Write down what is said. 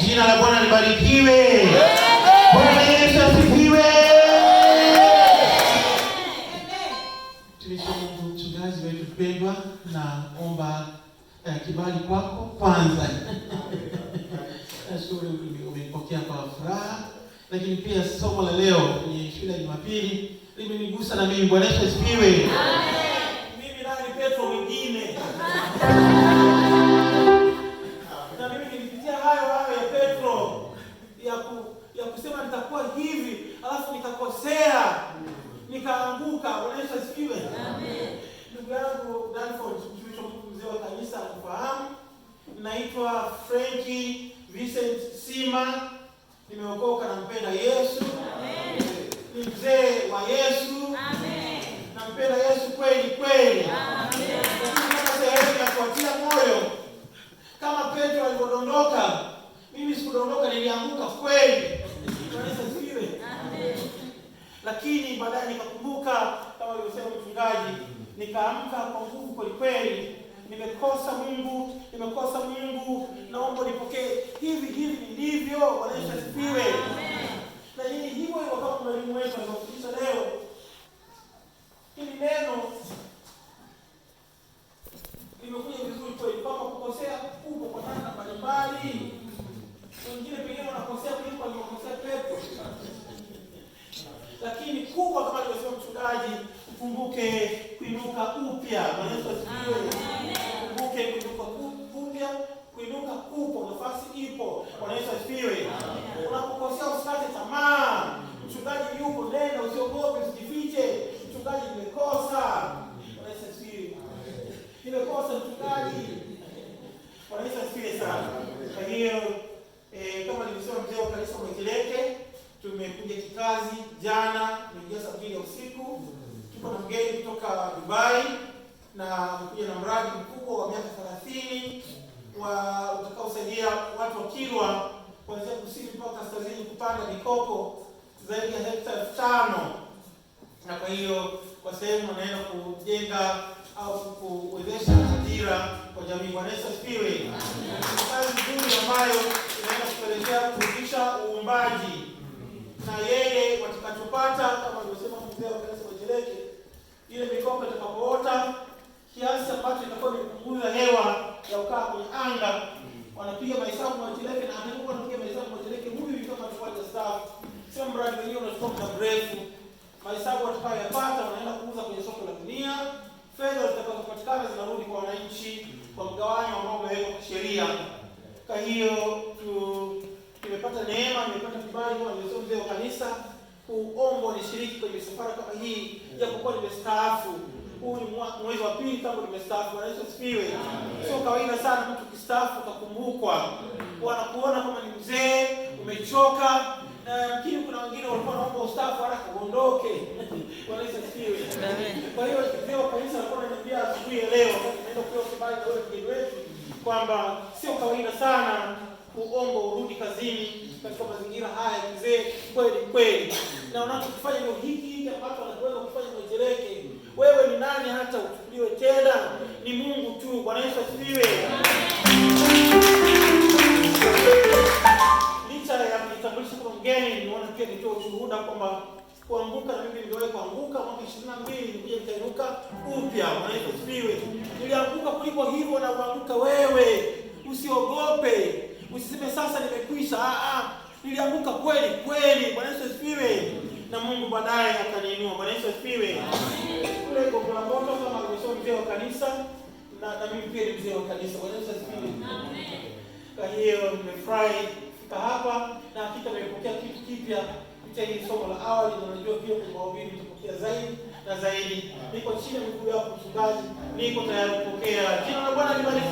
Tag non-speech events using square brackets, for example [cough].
Jina la Bwana libarikiwe. Bwana Yesu asifiwe. Mchungaji wetu pendwa, naomba eh, kibali kwako kwanza. [laughs] Nashukuru umepokea kwa furaha, lakini pia somo la leo kwenye shule ya Jumapili limenigusa na mimi. Bwana Yesu asifiwe. nikakosea, nikaanguka. Bwana Yesu asifiwe. Ndugu yangu Danford, mtumishi mzee wa kanisa kufahamu, naitwa Frenki Vincent Sima, nimeokoka na mpenda Yesu. Amen. Ni mzee wa Yesu. Amen. Nampenda Yesu kweli kweli. kuatia moyo kama Petro alivyodondoka, mimi sikudondoka, nilianguka kweli nikaamka kwa nguvu kweli kweli, nimekosa Mungu, nimekosa Mungu, naomba nipokee hivi hivi ndivyo. wanaisha sipiwe Na hili hivyo hivyo, kama mwalimu wetu anafundisha leo hili neno limekuja vizuri kweli, kwamba kukosea kubwa kwa namna mbalimbali. Wengine pengine wanakosea kuliko walivyokosea Petro, lakini kubwa kama alivyosema mchungaji Ukumbuke kuinuka upya. Bwana Yesu asifiwe. Ukumbuke kuinuka upya, kuinuka kupo, nafasi ipo. Bwana Yesu asifiwe. Unapokosea usikate tamaa. Mchungaji yupo, nenda, usiogope, usijifiche. Mchungaji, nimekosa. Bwana Yesu asifiwe. Nimekosa mchungaji. Bwana Yesu asifiwe sana. Kwa hiyo eh, kama nilivyosema mzee wa kanisa Mwekileke tumekuja kikazi jana, tumeingia saa mbili ya usiku kuna mgeni kutoka Dubai na amekuja na mradi mkubwa wa miaka thelathini wa utakaosaidia watu wa Kilwa kuanzia kusini mpaka kaskazini kupanda mikoko zaidi ya hekta elfu tano na kwa hiyo kwa sehemu wanaenda kujenga au kuwezesha ajira kwa jamii. Bwana Yesu asifiwe. Kazi nzuri ambayo inaenda kupelekea kurudisha uumbaji na yeye watakacho ile mikopo itakapoota kiasi ambacho itakuwa ya hewa ya ukaa kwenye anga, wanapiga mahesabu wateleke, na anakuwa anapiga mahesabu wateleke, huyu kama alikuwa staff sio mradi wenyewe unachukua muda mrefu. Mahesabu yapata wanaenda kuuza kwenye soko la dunia, fedha zitakazopatikana zinarudi kwa wananchi kwa mgawanyo ambao umewekwa kisheria. Kwa hiyo tu kuomba nishiriki kwenye safari kama hii, japokuwa nimestaafu. Huu ni mwezi wa pili tangu nimestaafu. Bwana Yesu asifiwe. Sio kawaida sana mtu kistaafu kakumbukwa, wanakuona kama ni mzee, umechoka. Lakini kuna wengine walikuwa naomba ustaafu haraka uondoke. [laughs] Bwana Yesu asifiwe. Kwa hiyo leo kanisa alikuwa ananiambia asubuhi ya leo, naenda kupewa kibali na wewe mgeni wetu kwamba sio kawaida sana uongo urudi kazini katika mazingira haya mzee, kweli kweli. Na unachokifanya ndio hiki hiki ambacho anaweza kufanya uwezeleke. Wewe ni nani hata uchukuliwe tena? Ni Mungu tu. Bwana Yesu asifiwe. Licha ya kujitambulisha kwa mgeni, niona pia ushuhuda kwamba kuanguka na mimi niliwahi kuanguka mwaka 22 nikuja nikainuka upya. Bwana Yesu asifiwe. Nilianguka kuliko hivyo na uanguka wewe. Usiogope. Usiseme sasa nimekwisha. Ah ah, nilianguka kweli kweli. Bwana Yesu asifiwe. Na Mungu baadaye akaniinua. Bwana Yesu asifiwe. Kule kwa kuna moto kama alivyokuwa mzee wa kanisa na na mimi pia ni mzee wa kanisa. Bwana Yesu asifiwe. Amen. Kwa hiyo nimefurahi kufika hapa na hakika nimepokea kitu kipya kupitia somo la awali na najua pia kwa mahubiri nitapokea zaidi na zaidi. Niko chini ya miguu yako mchungaji. Niko tayari kupokea. Jina la Bwana libariki.